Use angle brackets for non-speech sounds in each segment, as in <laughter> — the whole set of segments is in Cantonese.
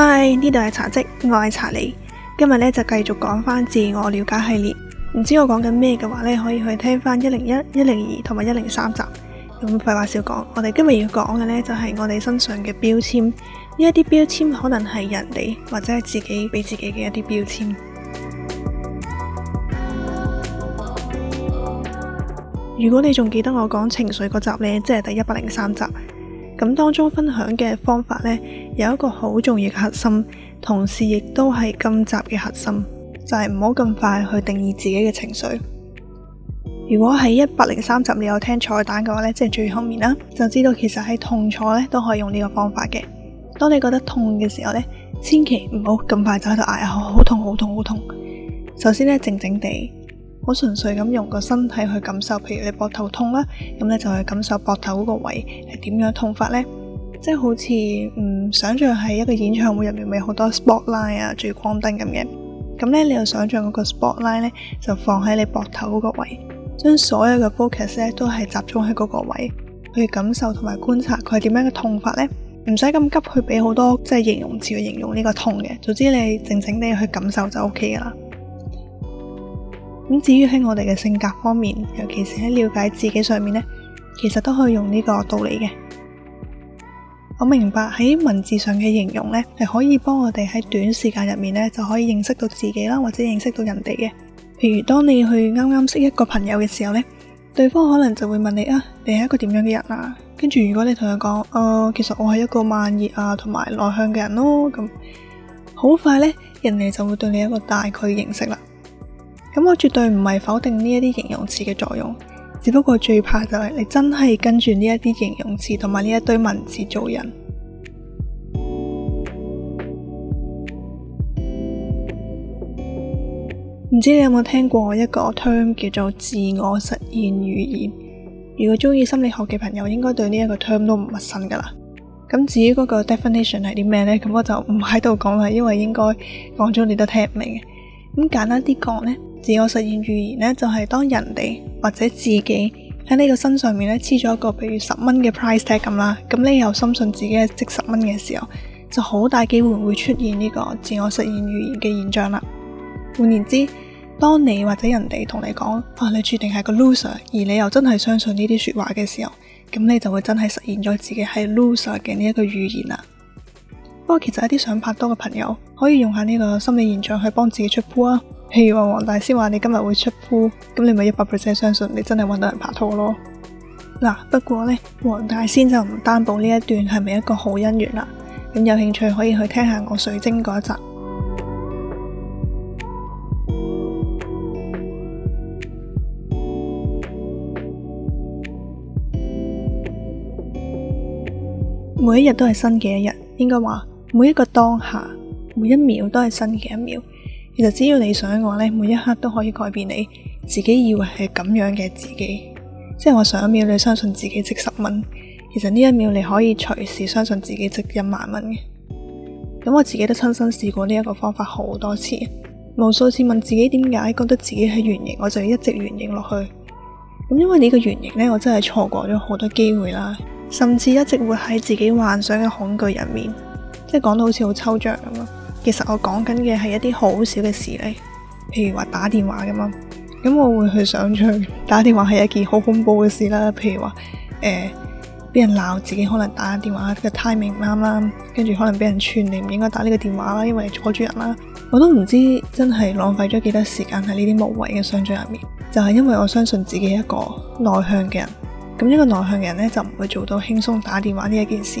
嗨，呢度係茶嘖，我係茶理。今日咧，就繼續講翻自我了解系列。唔知我講緊咩嘅話咧，可以去聽翻一零一一零二同埋一零三集。咁廢話少講，我哋今日要講嘅咧，就係我哋身上嘅標籤。呢一啲標籤可能係人哋或者係自己俾自己嘅一啲標籤。 <music> 如果你仲記得我講情緒嗰集咧，即係第一百零三集。咁當中分享嘅方法呢，有一個好重要嘅核心，同時亦都係今集嘅核心，就係唔好咁快去定義自己嘅情緒。如果喺一百零三集你有聽彩蛋嘅話呢，即係最後面啦，就知道其實喺痛楚呢都可以用呢個方法嘅。當你覺得痛嘅時候呢，千祈唔好咁快就喺度嗌，呀，好痛，好痛，好痛。首先呢，靜靜地。好純粹咁用個身體去感受，譬如你膊頭痛啦，咁你就去感受膊頭嗰個位係點樣痛法呢？即係好似唔、嗯、想像，喺一個演唱會入面，啊，咪好多 spotlight 啊，聚光燈咁嘅，咁呢，你又想像嗰個 spotlight 咧就放喺你膊頭嗰個位，將所有嘅 focus 咧都係集中喺嗰個位去感受同埋觀察佢係點樣嘅痛法呢。唔使咁急去俾好多即係形容詞去形容呢個痛嘅，總之你靜靜地去感受就 O K 噶啦。咁至於喺我哋嘅性格方面，尤其是喺了解自己上面呢，其實都可以用呢個道理嘅。我明白喺文字上嘅形容呢，係可以幫我哋喺短時間入面呢，就可以認識到自己啦，或者認識到人哋嘅。譬如當你去啱啱識一個朋友嘅時候呢，對方可能就會問你啊，你係一個點樣嘅人啊？跟住如果你同佢講，誒、啊，其實我係一個慢熱啊，同埋內向嘅人咯，咁好快呢，人哋就會對你一個大概認識啦。咁我絕對唔係否定呢一啲形容詞嘅作用，只不過最怕就係你真係跟住呢一啲形容詞同埋呢一堆文字做人。唔 <music> 知你有冇聽過一個 term 叫做自我實現預言？如果中意心理學嘅朋友，應該對呢一個 term 都唔陌生噶啦。咁至於嗰個 definition 係啲咩咧？咁我就唔喺度講啦，因為應該講咗你都聽唔明嘅。咁簡單啲講咧。自我實現預言呢，就係當人哋或者自己喺你個身上面呢，黐咗一個譬如十蚊嘅 price tag 咁啦，咁你又深信自己係值十蚊嘅時候，就好大機會會出現呢個自我實現預言嘅現象啦。換言之，當你或者人哋同你講啊，你注定係個 loser，而你又真係相信呢啲說話嘅時候，咁你就會真係實現咗自己係 loser 嘅呢一個預言啦。不過其實一啲想拍拖嘅朋友，可以用下呢個心理現象去幫自己出 pool 啊。譬如話黃大仙話你今日會出夫，咁你咪一百 percent 相信你真係揾到人拍拖咯。嗱、啊，不過咧，黃大仙就唔擔保呢一段係咪一個好姻緣啦。咁有興趣可以去聽下我水晶嗰一集。每一日都係新嘅一日，應該話每一個當下，每一秒都係新嘅一秒。其實只要你想嘅話咧，每一刻都可以改變你自己以為係咁樣嘅自己。即係我上一秒你相信自己值十蚊，其實呢一秒你可以隨時相信自己值一萬蚊嘅。咁我自己都親身試過呢一個方法好多次，無數次問自己點解覺得自己係圓形，我就要一直圓形落去。咁因為呢個圓形咧，我真係錯過咗好多機會啦，甚至一直活喺自己幻想嘅恐懼入面，即係講到好似好抽象咁啊。其實我講緊嘅係一啲好小嘅事例，譬如話打電話咁樣，咁我會去想象打電話係一件好恐怖嘅事啦。譬如話誒，俾、呃、人鬧，自己可能打電話個 timing 唔啱啦，跟、這、住、個、可能俾人串，你唔應該打呢個電話啦，因為阻住人啦。我都唔知真係浪費咗幾多時間喺呢啲無謂嘅想象入面，就係、是、因為我相信自己一個內向嘅人，咁一個內向嘅人呢，就唔會做到輕鬆打電話呢一件事。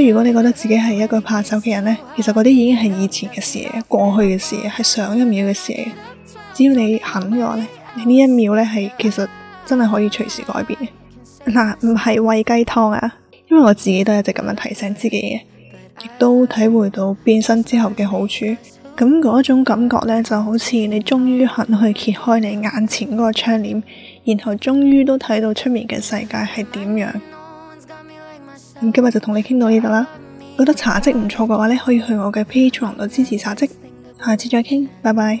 如果你覺得自己係一個怕醜嘅人呢，其實嗰啲已經係以前嘅事嘅，過去嘅事，係上一秒嘅事。只要你肯嘅話咧，你呢一秒呢，係其實真係可以隨時改變嘅。嗱，啊，唔係喂雞湯啊，因為我自己都一直咁樣提醒自己嘅，亦都體會到變身之後嘅好處。咁嗰種感覺呢，就好似你終於肯去揭開你眼前嗰個窗簾，然後終於都睇到出面嘅世界係點樣。咁今日就同你傾到呢度啦。覺得茶嘖唔錯嘅話咧，可以去我嘅 Patreon 度支持茶嘖。下次再傾，拜拜。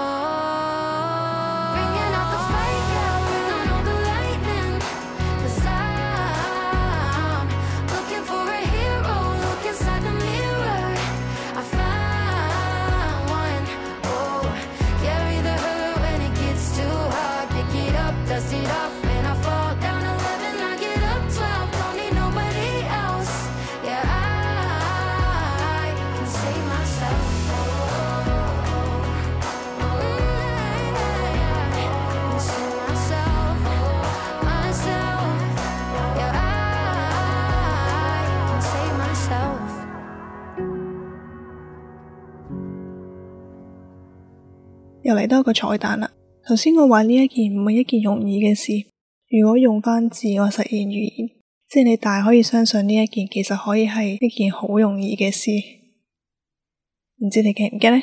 又嚟多一個彩蛋啦！頭先我話呢一件唔係一件容易嘅事，如果用翻自我實現預言，即係你大可以相信呢一件其實可以係一件好容易嘅事，唔知你驚唔驚咧？